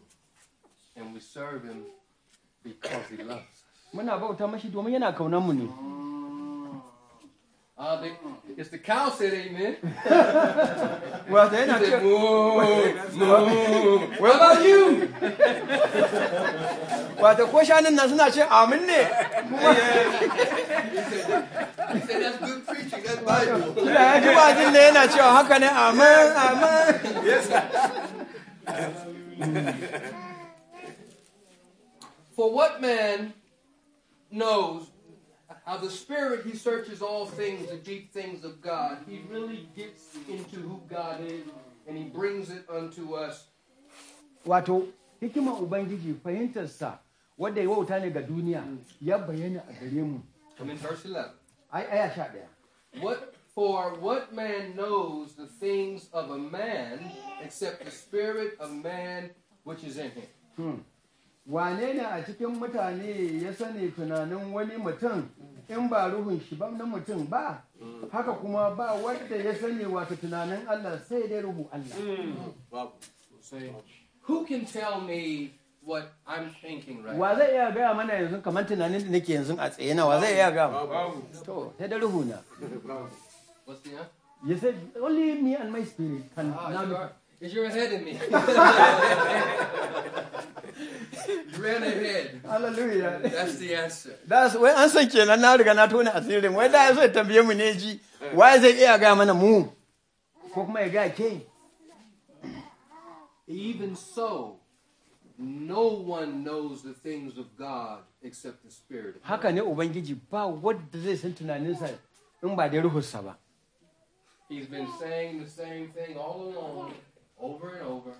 And we serve him because he loves us. Muna bauta mashi domin yana kaunar mu ne. Mm. Uh, they, it's the cow said amen. well, then I said, move, move. What about you? well, the question is not your amen. He said, he said that's good preaching, that's Bible. How can I amen, amen? Yes. For what man knows how the Spirit, He searches all things, the deep things of God. He really gets into who God is and He brings it unto us. Wato, hikimar Ubangiji fahimtarsa wadda ya wauta ne ga duniya ya bayyana a gare mu. Come in verse 11. Ai, aya sha ɗaya. What For what man knows the things of a man except the spirit of man which is in him? Hmm. Wane ne a cikin mutane ya sani tunanin wani mutum in ba ruhun shi ba na mutum ba haka kuma ba wanda ya sani wato tunanin Allah sai dai ruhu Allah hmm. who can tell me what I'm thinking right wa zai iya gaya mana yanzu kamar tunanin da nake yanzu a tsaye na wa zai iya gaya to sai da ruhu na what's the you said only me and my spirit can ah, now is your head in me ran ahead. Hallelujah. That's the answer. That's wai an san kenan na riga turn tona asirin wai da ya so tambaye mu Why is it here? iya ga mana mu ko kuma ya ga ke. Even so, no one knows the things of God except the Spirit. Haka ne Ubangiji ba wanda zai san tunaninsa in ba da ruhunsa ba. He's been saying the same thing all along. over and over.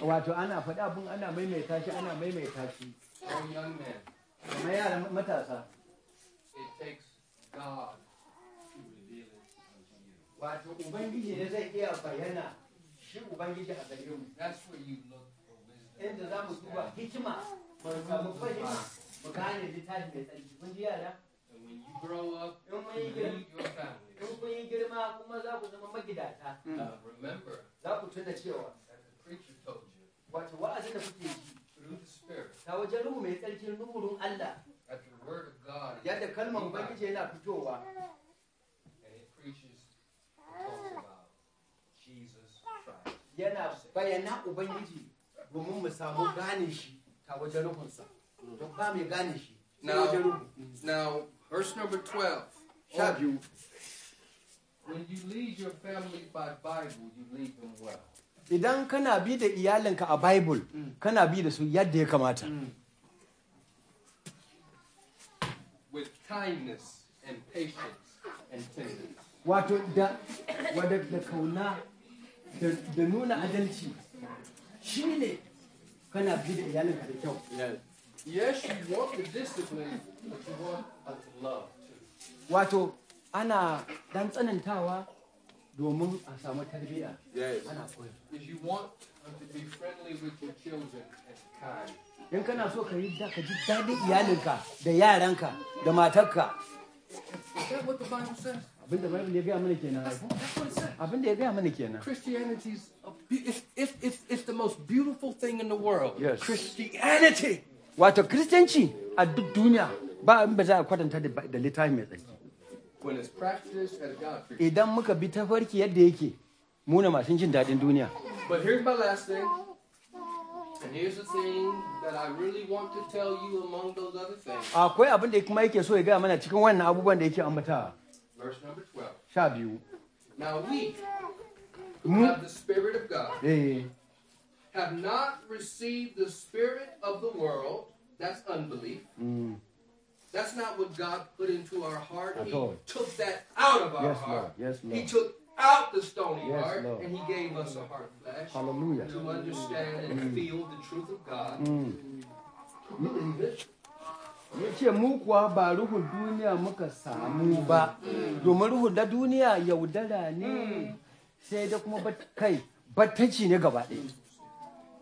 Wato ana faɗi ana maimaita shi ana maimaita shi. young men. matasa. It takes Wato Ubangiji ne zai iya bayyana shi Ubangiji a gare mu. That's where you look for duba hikima, mu samu mu gane littafi mai tsarki. Kun ji yara? when you grow up, you your family. girma kuma za ku zama magidata. Mm. Remember, za ku cewa the preacher told you. da kuke ji. Through the Spirit. wajen ruhu mai tsarki Allah. the word of God. yana And it preaches talks about Jesus Christ. Yana bayana Ubangiji domin mu samu ruhunsa. Don ba mai Now, now Verse number 12. Or you, when you lead your family by Bible, you lead them well. Idan kana bi da iyalinka a Bible, mm. kana bi da su yadda ya kamata. Mm. With kindness and patience and tenderness. Wato da da kauna da nuna adalci shi ne kana bi da iyalinka da kyau. Yes, you want the discipline, but you want wato ana dan tsanantawa domin a samu tarbiyya ana koyar in kana so ka yi da ka ji daɗin iyalinka da yaranka da matarka abinda bible ya gaya mana kenan abinda ya gaya mana kenan christianity is the most beautiful thing in the world yes. christianity wato Christianity a duk duniya ba in ba za a kwatanta da littafi mai tsarki idan muka bi tafarki yadda yake muna masu jin daɗin duniya akwai abin da kuma yake so ya gaya mana cikin wannan abubuwan da yake ambatawa sha biyu mu eh. have not received the spirit of the world that's unbelief mm. That's not what God put into our heart. He took that out of our yes, heart. Lord. Yes, Lord. He took out the stony yes, heart Lord. and he gave us a heart flesh Hallelujah. to understand and mm. feel the truth of God. Mm. Believe it. mu kuwa ba ruhun duniya muka samu mm. ba mm. domin ruhun na duniya yaudara ne mm. sai da kuma kai battaci ne gaba ɗaya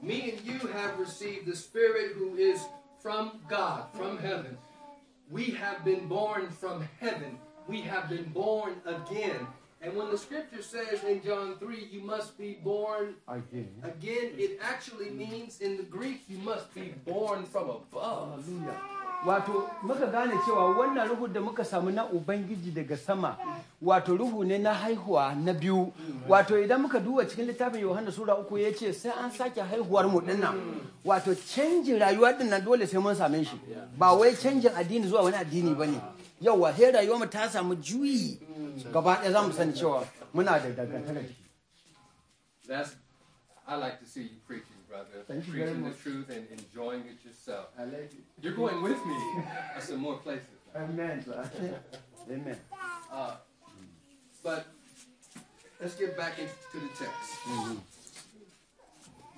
me and you have received the spirit who is from God from heaven we have been born from heaven. We have been born again. And when the scripture says in John 3, you must be born again, again it actually means in the Greek, you must be born from above. Hallelujah. wato muka gane cewa wannan ruhu da muka samu na ubangiji daga sama wato ruhu ne na haihuwa na biyu wato idan muka duba cikin littafin yohana sura uku ya ce sai an sake haihuwar mu dinnan wato canjin rayuwa dinnan dole sai mun same shi ba wai canjin addini zuwa wani addini ba ne yauwa sai rayuwa mu ta samu juyi gaba ɗaya za mu san cewa muna da dangantaka I like to see you preaching. brother. Thank you Preaching the truth and enjoying it yourself. I like it. You're going with me to some more places. Amen. Amen. Uh, but let's get back into the text. Mm-hmm.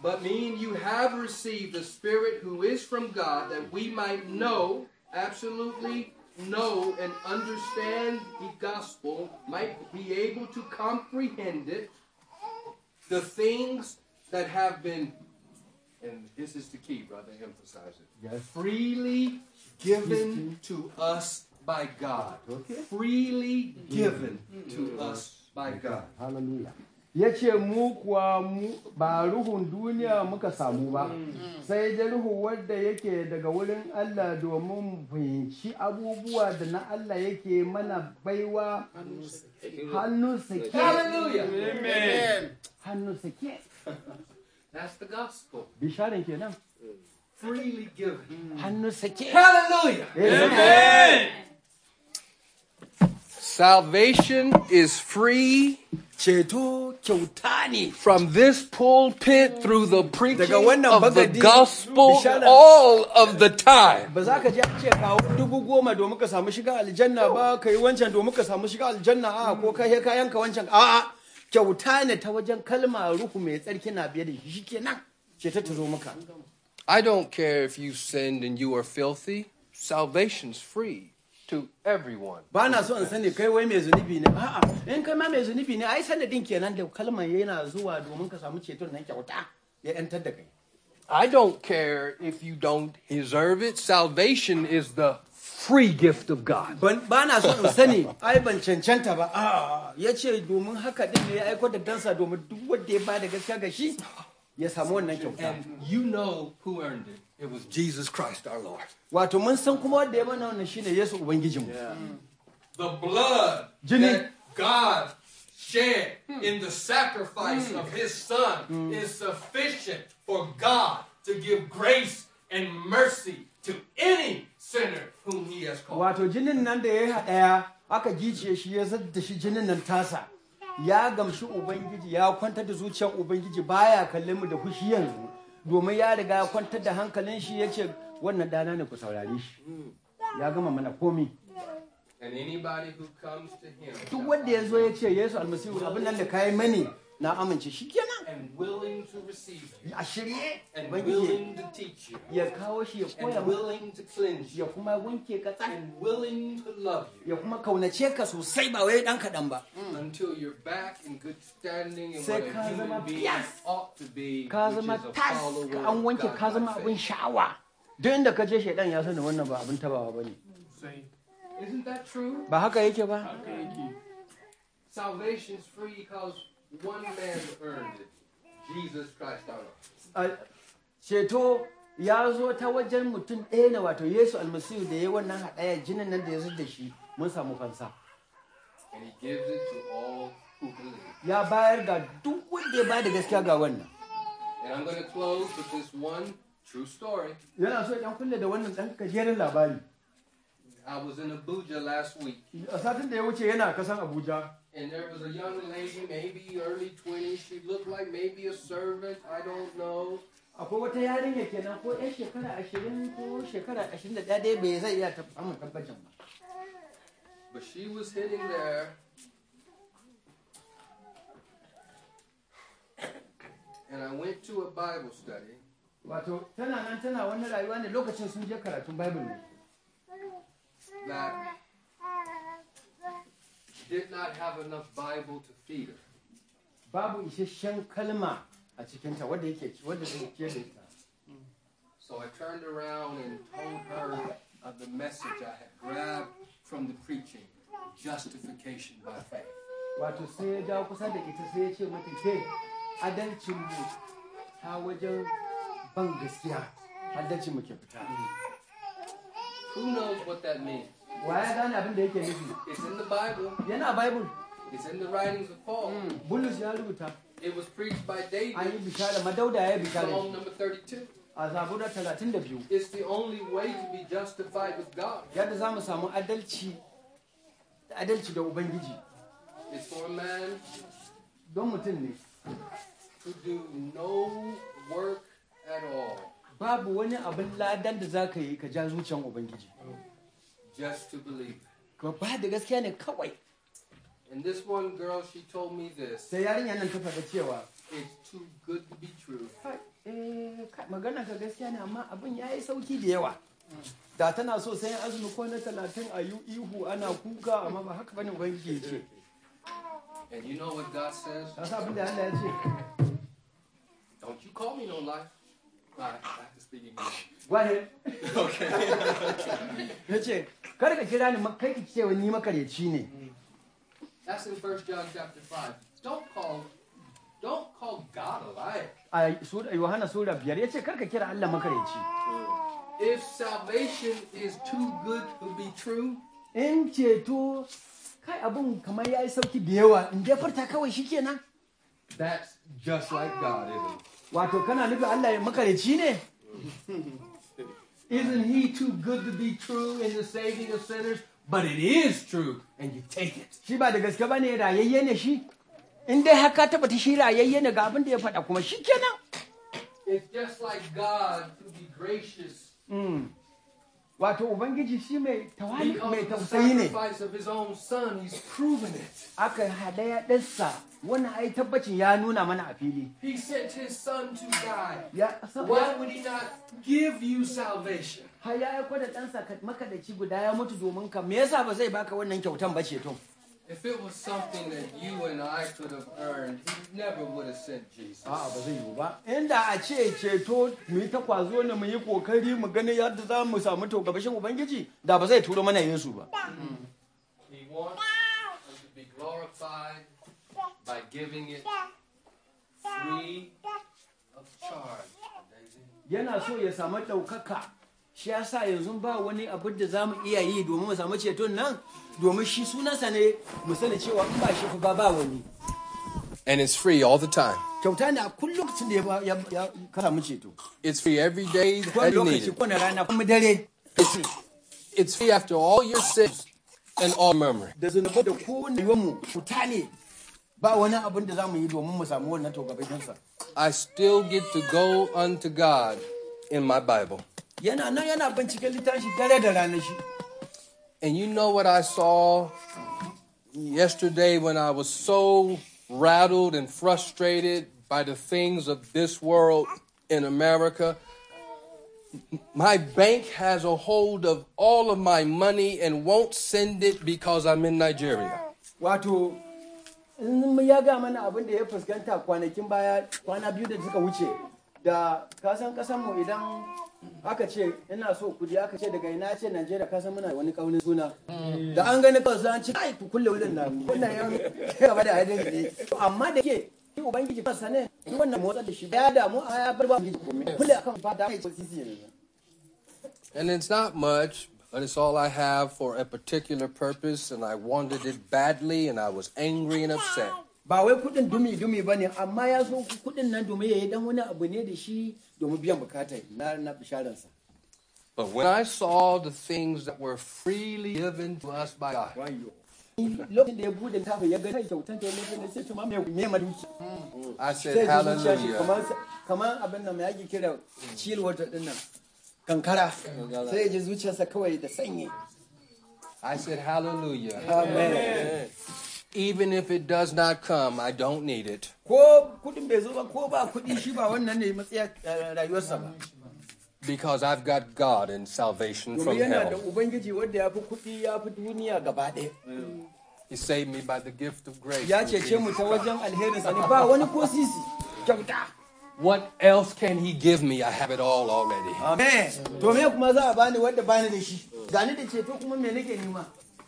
But mean you have received the Spirit who is from God, that we might know, absolutely know and understand the gospel, might be able to comprehend it, the things that have been and this is the key, brother, emphasize it. Yes. Freely given to us by God. Okay. Freely given to us by God. Hallelujah. ya ce mu kuwa ba ruhun duniya muka samu ba mm. sai da wadda yake daga wurin Allah domin fahimci abubuwa da na Allah yake mana baiwa hannun sake hannun sake that's the gospel. Bishara hiyo Freely given. Hallelujah. Amen. Amen. Salvation is free from this pulpit through the preaching of the gospel all of the time kyauta ne ta wajen kalma ruhu mai tsarki na biye da shi kenan ce ta maka I don't care if you sinned and you are filthy salvation's free to everyone ba na so sani kai wai mai zunubi ne a'a in kai ma mai zunubi ne ai sanadin kenan da kalman yana zuwa domin ka samu ceton nan kyauta ya yantar da kai I don't care if you don't deserve it salvation is the free gift of God. and you know who earned it. It was Jesus Christ our Lord. The blood that God shed hmm. in the sacrifice hmm. of his son hmm. is sufficient for God to give grace and mercy to any Wato jinin nan da ya haɗaya aka giciye shi ya zadda shi jinin nan tasa ya gamshi Ubangiji ya kwantar da zuciyar Ubangiji baya kalli mu da fushi yanzu domin ya riga ya kwantar da hankalin shi ya ce wannan dana ne ku saurare shi ya gama mana komi. Duk wanda ya zo ya ce Yesu almasihu abin nan da kayi mani na amince willing to receive you I'm willing to teach you I'm willing to cleanse you ya kuma willing to love you ya kuma kaunace until you're back in good standing in what a human being ought to be ka zama tas an wanke ka zama isn't that true salvation is free because Ceto ya zo ta wajen mutum ɗaya ne wato Yesu Almasiru da ya yi wannan haɗaya jinin nan da ya da shi mun samu fansa. Ya bayar ga duk wanda ya bada gaskiya ga wannan. Yana so ɗan kulle da wannan ɗan gajeren labari. I was in Abuja last week. Satin da ya wuce yana kasan Abuja. and there was a young lady, maybe early 20s. She looked like maybe a servant, I don't know. Akwai wata yarinya kenan shekara ashirin ko shekara ashirin da dai bai zai iya tabbacin ba. But she was sitting there. And I went to a Bible study. Wato tana nan tana wannan rayuwa ne lokacin sun je karatun Bible ne did not have enough Bible to feed her. Babu kalma a yake ta. So I turned around and told her of the message I had grabbed from the preaching, justification by faith. Wato sai ya dawo kusa da ita sai ya ce mata ke adalcin mu ta wajen ban gaskiya adalcin mu ke fita. Who knows what that means? wa ya gane abin da it's in the bible Yeah, not bible it's in the writings of paul hmm. bulus ya rubuta it was preached by david an yi bishara madauda ya bishara psalm number 32 a zabura 32 it's the only way to be justified with god yadda zamu samu adalci adalci da ubangiji it's for a man don mutum ne to do no work at all babu wani abin ladan da za ka yi ka ja zuciyan ubangiji oh. Just to believe. And this one girl, she told me this. Uh. It's too good to be true. Maganar ka gaskiya ne amma abin da tana so sai azumi ko na talatin a yi ihu ana kuka amma ba haka bane ubangiji ya ce. And you know what God says? Don't you call me no life speak English. Go ahead. Okay. Mm. That's in First John chapter 5. Don't call don't call God a liar. A Yohana sura biyar ya ce kar ka kira Allah makareci. Mm. If salvation is too good to be true, in ceto kai abun kamar yayi sauki da yawa in dai furta kawai shikenan. That's just like God, isn't it? wato kana nufin Allah ya makareci ne Isn't he too good to be true in the saving of sinners? But it is true, and you take it. Shi ba da gaske ba ne rayayye ne shi? In dai haka tabbata shi rayayye ne ga abin da ya faɗa kuma shi kenan. It's just like God to be gracious mm. Wato Ubangiji shi mai tawali mai tausayi ne. Aka hadaya ɗansa wani ai tabbacin ya nuna mana a fili. He sent his son to die. Ya, Why would he not give you salvation? ya kwada da ɗansa makadaci guda ya mutu domin ka me yasa ba zai baka wannan kyautan ba ceton? If it was something that you and I could have earned, he never would have sent Jesus. A'a ba zai yiwu ba. Inda a ce ceto mu yi ta kwazo ne mu yi kokari mu gani yadda za mu samu to gabashin Ubangiji da ba zai turo mana Yesu ba. He wants us to be glorified by giving it free of charge. Yana so ya samu ɗaukaka shi yasa yanzu ba wani da iya yi domin mu samu ceton nan domin shi sunansa ne mu sani cewa in ba shi fa ba wani and it's free all the time kyauta ne a kullum da ya kara mu ceto it's free every day that you need it it's free after all your sins and all murmuring yawan ne ba wani abin da yi domin mu samu wannan I still get to go unto God in my Bible. Yana nan yana binciken littafi dare da shi. And you know what I saw yesterday when I was so rattled and frustrated by the things of this world in America. My bank has a hold of all of my money and won't send it because I'm in Nigeria. Wato, in ya ga mana abin da ya fuskanta kwanakin baya, kwana biyu da suka wuce da kasan kasan mu idan aka ce ina so kudi aka ce daga ina ce Najeriya kasan muna wani suna mm. da an gani an ci kai kulle wurin na gaba da hadin ne amma da ke ubangiji kansa ne wannan motsa da shi ya damu a ya kulle akan sisi ne and it's not much but it's all I have for a particular purpose and I wanted it badly and I was angry and upset ba wai kudin dumi dumi amma ya kudin nan domin dan wani abu ne da shi domin biyan bukata na na But when I saw the things that were freely given to us by God. I said hallelujah. I said hallelujah. Amen even if it does not come, I don't need it. Eh, because I've got God and salvation from hell. He saved me by the gift of grace. What else can he give me? I have it all already. Amen.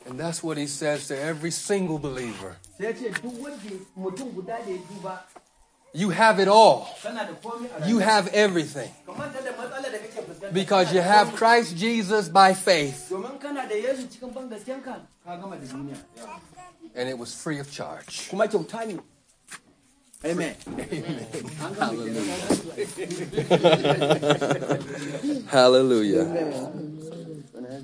And that's what he says to every single believer. You have it all. You have everything. Because you have Christ Jesus by faith. And it was free of charge. Amen. Amen. Hallelujah. Hallelujah.